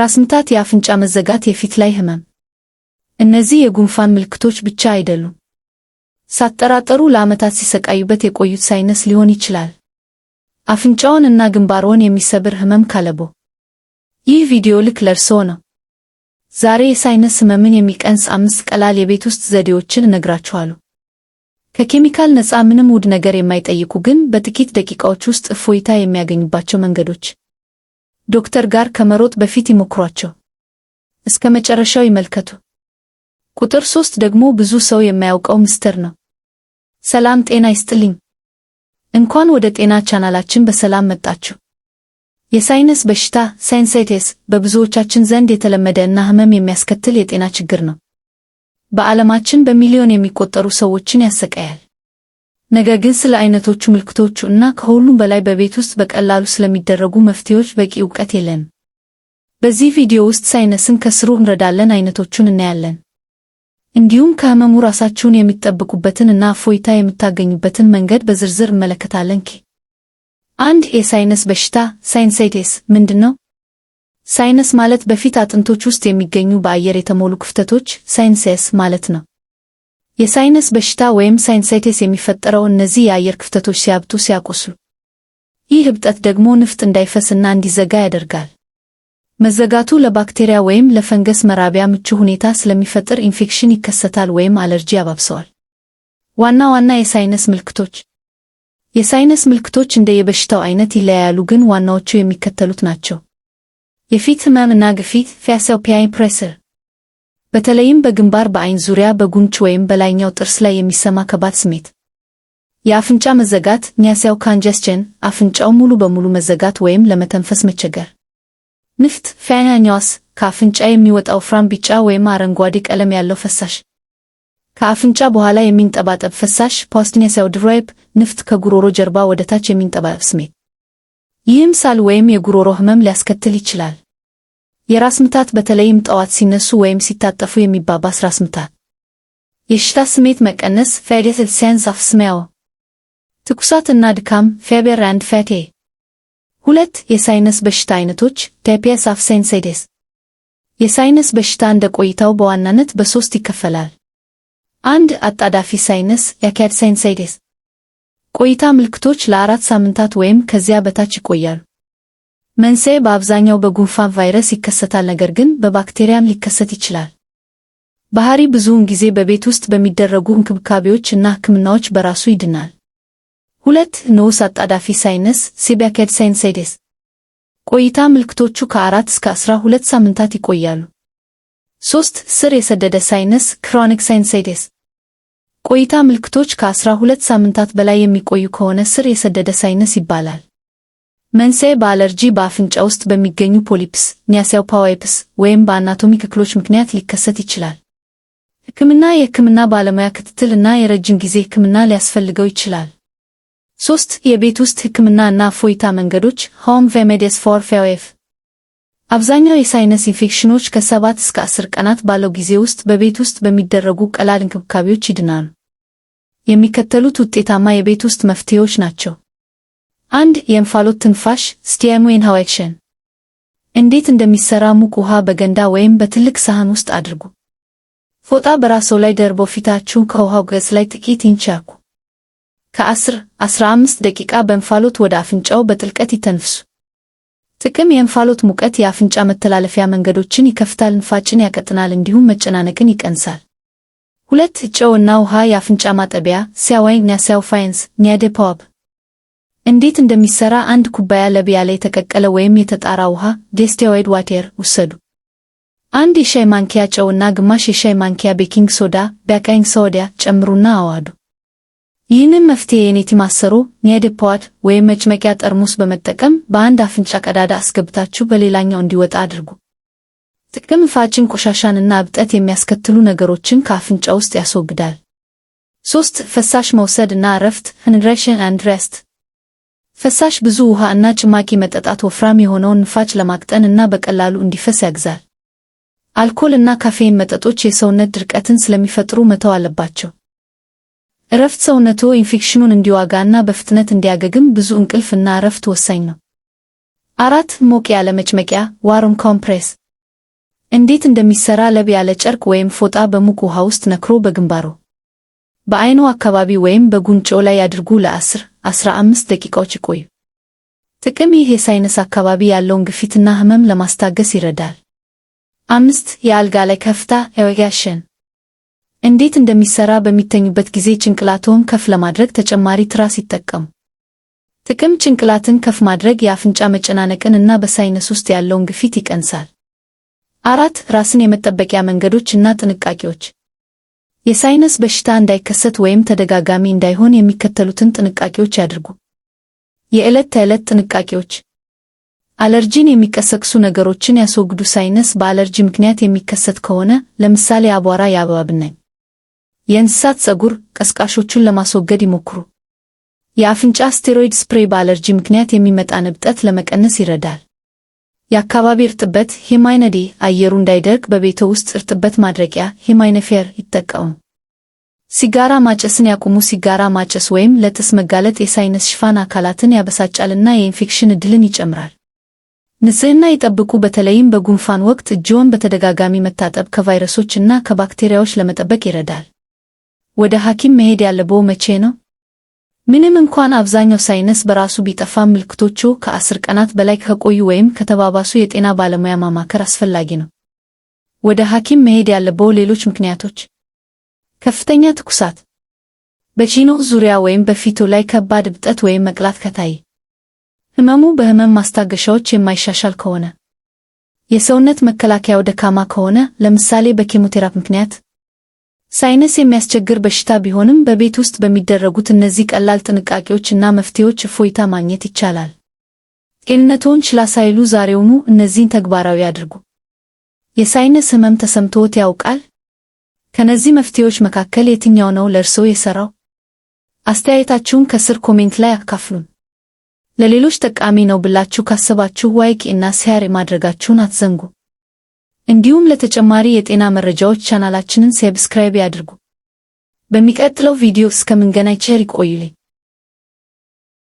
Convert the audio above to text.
ራስ ምታት፣ የአፍንጫ መዘጋት፣ የፊት ላይ ህመም። እነዚህ የጉንፋን ምልክቶች ብቻ አይደሉም። ሳጠራጠሩ ለዓመታት ሲሰቃዩበት የቆዩት ሳይነስ ሊሆን ይችላል። አፍንጫውን እና ግንባርዎን የሚሰብር ህመም ካለቦ ይህ ቪዲዮ ልክ ለርሶ ነው። ዛሬ የሳይነስ ህመምን የሚቀንስ አምስት ቀላል የቤት ውስጥ ዘዴዎችን እነግራችኋለሁ። ከኬሚካል ነፃ፣ ምንም ውድ ነገር የማይጠይቁ ግን በጥቂት ደቂቃዎች ውስጥ እፎይታ የሚያገኙባቸው መንገዶች ዶክተር ጋር ከመሮጥ በፊት ይሞክሯቸው። እስከ መጨረሻው ይመልከቱ። ቁጥር ሶስት ደግሞ ብዙ ሰው የማያውቀው ምስጢር ነው። ሰላም ጤና ይስጥልኝ። እንኳን ወደ ጤና ቻናላችን በሰላም መጣችሁ። የሳይነስ በሽታ ሳይንሳይቲስ በብዙዎቻችን ዘንድ የተለመደ እና ህመም የሚያስከትል የጤና ችግር ነው። በዓለማችን በሚሊዮን የሚቆጠሩ ሰዎችን ያሰቃያል። ነገር ግን ስለ አይነቶቹ ምልክቶቹ እና ከሁሉም በላይ በቤት ውስጥ በቀላሉ ስለሚደረጉ መፍትሄዎች በቂ እውቀት የለም። በዚህ ቪዲዮ ውስጥ ሳይነስን ከስሩ እንረዳለን፣ አይነቶቹን እናያለን፣ እንዲሁም ከህመሙ ራሳችሁን የሚጠብቁበትን እና እፎይታ የምታገኙበትን መንገድ በዝርዝር እንመለከታለን። ኪ አንድ የሳይነስ በሽታ ሳይንሳይቴስ ምንድን ነው? ሳይነስ ማለት በፊት አጥንቶች ውስጥ የሚገኙ በአየር የተሞሉ ክፍተቶች ሳይንሴስ ማለት ነው። የሳይነስ በሽታ ወይም ሳይንሳይቲስ የሚፈጠረው እነዚህ የአየር ክፍተቶች ሲያብጡ ሲያቆሱ ይህ እብጠት ደግሞ ንፍጥ እንዳይፈስና እንዲዘጋ ያደርጋል። መዘጋቱ ለባክቴሪያ ወይም ለፈንገስ መራቢያ ምቹ ሁኔታ ስለሚፈጥር ኢንፌክሽን ይከሰታል ወይም አለርጂ ያባብሰዋል። ዋና ዋና የሳይነስ ምልክቶች የሳይነስ ምልክቶች እንደ የበሽታው አይነት ይለያያሉ፣ ግን ዋናዎቹ የሚከተሉት ናቸው። የፊት ህመም እና ግፊት ፊያሰው ፒያይ ፕሬስር በተለይም በግንባር፣ በአይን ዙሪያ፣ በጉንጭ ወይም በላይኛው ጥርስ ላይ የሚሰማ ከባድ ስሜት። የአፍንጫ መዘጋት ናሳል ካንጀስቸን፣ አፍንጫው ሙሉ በሙሉ መዘጋት ወይም ለመተንፈስ መቸገር። ንፍጥ ፊናንያስ፣ ከአፍንጫ የሚወጣው ወፍራም ቢጫ ወይም አረንጓዴ ቀለም ያለው ፈሳሽ። ከአፍንጫ በኋላ የሚንጠባጠብ ፈሳሽ ፖስትናሳል ድሬፕ፣ ንፍጥ ከጉሮሮ ጀርባ ወደታች የሚንጠባጠብ ስሜት። ይህም ሳል ወይም የጉሮሮ ህመም ሊያስከትል ይችላል። የራስ ምታት በተለይም ጠዋት ሲነሱ ወይም ሲታጠፉ የሚባባስ ራስ ምታት፣ የሽታ ስሜት መቀነስ ፌዴትል ሴንስ አፍ ስሜል፣ ትኩሳት እና ድካም ፌቤር አንድ ፌቴ። ሁለት የሳይነስ በሽታ አይነቶች ቴፒስ አፍ ሴንሳይደስ። የሳይነስ በሽታ እንደ ቆይታው በዋናነት በሶስት ይከፈላል። አንድ አጣዳፊ ሳይነስ ያካድ ሴንሳይደስ ቆይታ ምልክቶች ለአራት ሳምንታት ወይም ከዚያ በታች ይቆያሉ። መንስኤ በአብዛኛው በጉንፋን ቫይረስ ይከሰታል፣ ነገር ግን በባክቴሪያም ሊከሰት ይችላል። ባህሪ ብዙውን ጊዜ በቤት ውስጥ በሚደረጉ እንክብካቤዎች እና ሕክምናዎች በራሱ ይድናል። ሁለት ንዑስ አጣዳፊ ሳይነስ ሲቢያኬድ ሳይንሳይደስ ቆይታ ምልክቶቹ ከአራት እስከ አስራ ሁለት ሳምንታት ይቆያሉ። ሶስት ስር የሰደደ ሳይነስ ክሮኒክ ሳይንሳይደስ ቆይታ ምልክቶች ከአስራ ሁለት ሳምንታት በላይ የሚቆዩ ከሆነ ስር የሰደደ ሳይነስ ይባላል። መንስኤ በአለርጂ በአፍንጫ ውስጥ በሚገኙ ፖሊፕስ ኒያሲያው ፓዋይፕስ ወይም በአናቶሚ ክፍሎች ምክንያት ሊከሰት ይችላል። ሕክምና የሕክምና ባለሙያ ክትትል እና የረጅም ጊዜ ሕክምና ሊያስፈልገው ይችላል። ሶስት የቤት ውስጥ ሕክምና እና እፎይታ መንገዶች ሆም ቬሜዲስ ፎር ፌዌፍ አብዛኛው የሳይነስ ኢንፌክሽኖች ከሰባት እስከ አስር ቀናት ባለው ጊዜ ውስጥ በቤት ውስጥ በሚደረጉ ቀላል እንክብካቤዎች ይድናሉ። የሚከተሉት ውጤታማ የቤት ውስጥ መፍትሄዎች ናቸው። አንድ የእንፋሎት ትንፋሽ ስቲም ኢንሃል እንዴት እንደሚሰራ ሙቅ ውሃ በገንዳ ወይም በትልቅ ሳህን ውስጥ አድርጉ። ፎጣ በራስዎ ላይ ደርቦ ፊታችሁን ከውሃው ገጽ ላይ ጥቂት ይንቻኩ። ከ ከ10 15 ደቂቃ በእንፋሎት ወደ አፍንጫው በጥልቀት ይተንፍሱ። ጥቅም የእንፋሎት ሙቀት የአፍንጫ መተላለፊያ መንገዶችን ይከፍታል፣ ንፋጭን ያቀጥናል፣ እንዲሁም መጨናነቅን ይቀንሳል። ሁለት ጨውና ውሃ የአፍንጫ ማጠቢያ ሲያዋይ ኒያሲያው ፋይንስ ኒያደፓዋብ እንዴት እንደሚሰራ አንድ ኩባያ ለብ ላይ የተቀቀለ ወይም የተጣራ ውሃ ዴስቲላይድ ዋቴር ውሰዱ። አንድ የሻይ ማንኪያ ጨውና ግማሽ የሻይ ማንኪያ ቤኪንግ ሶዳ ቤኪንግ ሶዳ ጨምሩና አዋዱ። ይህንን መፍትሄ የኔቲማሰሮ ኒያደፓዋት ወይም መጭመቂያ ጠርሙስ በመጠቀም በአንድ አፍንጫ ቀዳዳ አስገብታችሁ በሌላኛው እንዲወጣ አድርጉ። ጥቅም ፋጭን ቆሻሻንና እብጠት የሚያስከትሉ ነገሮችን ከአፍንጫ ውስጥ ያስወግዳል። ሶስት ፈሳሽ መውሰድ እና እረፍት አንድ ሬስት ፈሳሽ ብዙ ውሃ እና ጭማቂ መጠጣት ወፍራም የሆነውን ንፋጭ ለማቅጠን እና በቀላሉ እንዲፈስ ያግዛል። አልኮል እና ካፌይን መጠጦች የሰውነት ድርቀትን ስለሚፈጥሩ መተው አለባቸው። እረፍት ሰውነትዎ ኢንፌክሽኑን እንዲዋጋ እና በፍጥነት እንዲያገግም ብዙ እንቅልፍ እና እረፍት ወሳኝ ነው። አራት ሞቅ ያለ መጭመቂያ ዋርም ኮምፕሬስ እንዴት እንደሚሰራ ለብ ያለ ጨርቅ ወይም ፎጣ በሙቅ ውሃ ውስጥ ነክሮ በግንባሮ በአይኑ አካባቢ ወይም በጉንጮ ላይ ያድርጉ። ለ ለ10 15 ደቂቃዎች ይቆዩ። ጥቅም ይህ የሳይነስ አካባቢ ያለውን ግፊትና ህመም ለማስታገስ ይረዳል። አምስት የአልጋ ላይ ከፍታ ኤሪያሽን እንዴት እንደሚሰራ በሚተኙበት ጊዜ ጭንቅላቶን ከፍ ለማድረግ ተጨማሪ ትራስ ይጠቀሙ። ጥቅም ጭንቅላትን ከፍ ማድረግ የአፍንጫ መጨናነቅን እና በሳይነስ ውስጥ ያለውን ግፊት ይቀንሳል። አራት ራስን የመጠበቂያ መንገዶች እና ጥንቃቄዎች የሳይነስ በሽታ እንዳይከሰት ወይም ተደጋጋሚ እንዳይሆን የሚከተሉትን ጥንቃቄዎች ያድርጉ። የዕለት ተዕለት ጥንቃቄዎች አለርጂን የሚቀሰቅሱ ነገሮችን ያስወግዱ። ሳይነስ በአለርጂ ምክንያት የሚከሰት ከሆነ ለምሳሌ አቧራ፣ የአበባ ብናኝ፣ የእንስሳት ፀጉር ቀስቃሾቹን ለማስወገድ ይሞክሩ። የአፍንጫ ስቴሮይድ ስፕሬይ በአለርጂ ምክንያት የሚመጣን እብጠት ለመቀነስ ይረዳል። የአካባቢ እርጥበት ሂማይነዲ አየሩ እንዳይደርቅ በቤቶ ውስጥ እርጥበት ማድረቂያ ሂማይነፌር ይጠቀሙ። ሲጋራ ማጨስን ያቁሙ። ሲጋራ ማጨስ ወይም ለጥስ መጋለጥ የሳይነስ ሽፋን አካላትን ያበሳጫልና የኢንፌክሽን እድልን ይጨምራል። ንጽህና ይጠብቁ። በተለይም በጉንፋን ወቅት እጅዎን በተደጋጋሚ መታጠብ ከቫይረሶች እና ከባክቴሪያዎች ለመጠበቅ ይረዳል። ወደ ሐኪም መሄድ ያለብዎ መቼ ነው? ምንም እንኳን አብዛኛው ሳይነስ በራሱ ቢጠፋ ምልክቶቹ ከአስር ቀናት በላይ ከቆዩ ወይም ከተባባሱ የጤና ባለሙያ ማማከር አስፈላጊ ነው። ወደ ሐኪም መሄድ ያለበው ሌሎች ምክንያቶች ከፍተኛ ትኩሳት፣ በቺኖ ዙሪያ ወይም በፊቱ ላይ ከባድ እብጠት ወይም መቅላት ከታይ ህመሙ በህመም ማስታገሻዎች የማይሻሻል ከሆነ፣ የሰውነት መከላከያው ደካማ ከሆነ ለምሳሌ በኬሞቴራፕ ምክንያት ሳይነስ የሚያስቸግር በሽታ ቢሆንም በቤት ውስጥ በሚደረጉት እነዚህ ቀላል ጥንቃቄዎች እና መፍትሄዎች እፎይታ ማግኘት ይቻላል። ጤንነትዎን ችላ ሳይሉ ዛሬውኑ እነዚህን ተግባራዊ አድርጉ። የሳይነስ ህመም ተሰምቶዎት ያውቃል? ከነዚህ መፍትሄዎች መካከል የትኛው ነው ለእርስዎ የሰራው? አስተያየታችሁን ከስር ኮሜንት ላይ አካፍሉን። ለሌሎች ጠቃሚ ነው ብላችሁ ካሰባችሁ ዋይክ እና ሲያር ማድረጋችሁን አትዘንጉ። እንዲሁም ለተጨማሪ የጤና መረጃዎች ቻናላችንን ሰብስክራይብ ያድርጉ። በሚቀጥለው ቪዲዮ እስከምንገናኝ ቸር ይቆዩልኝ።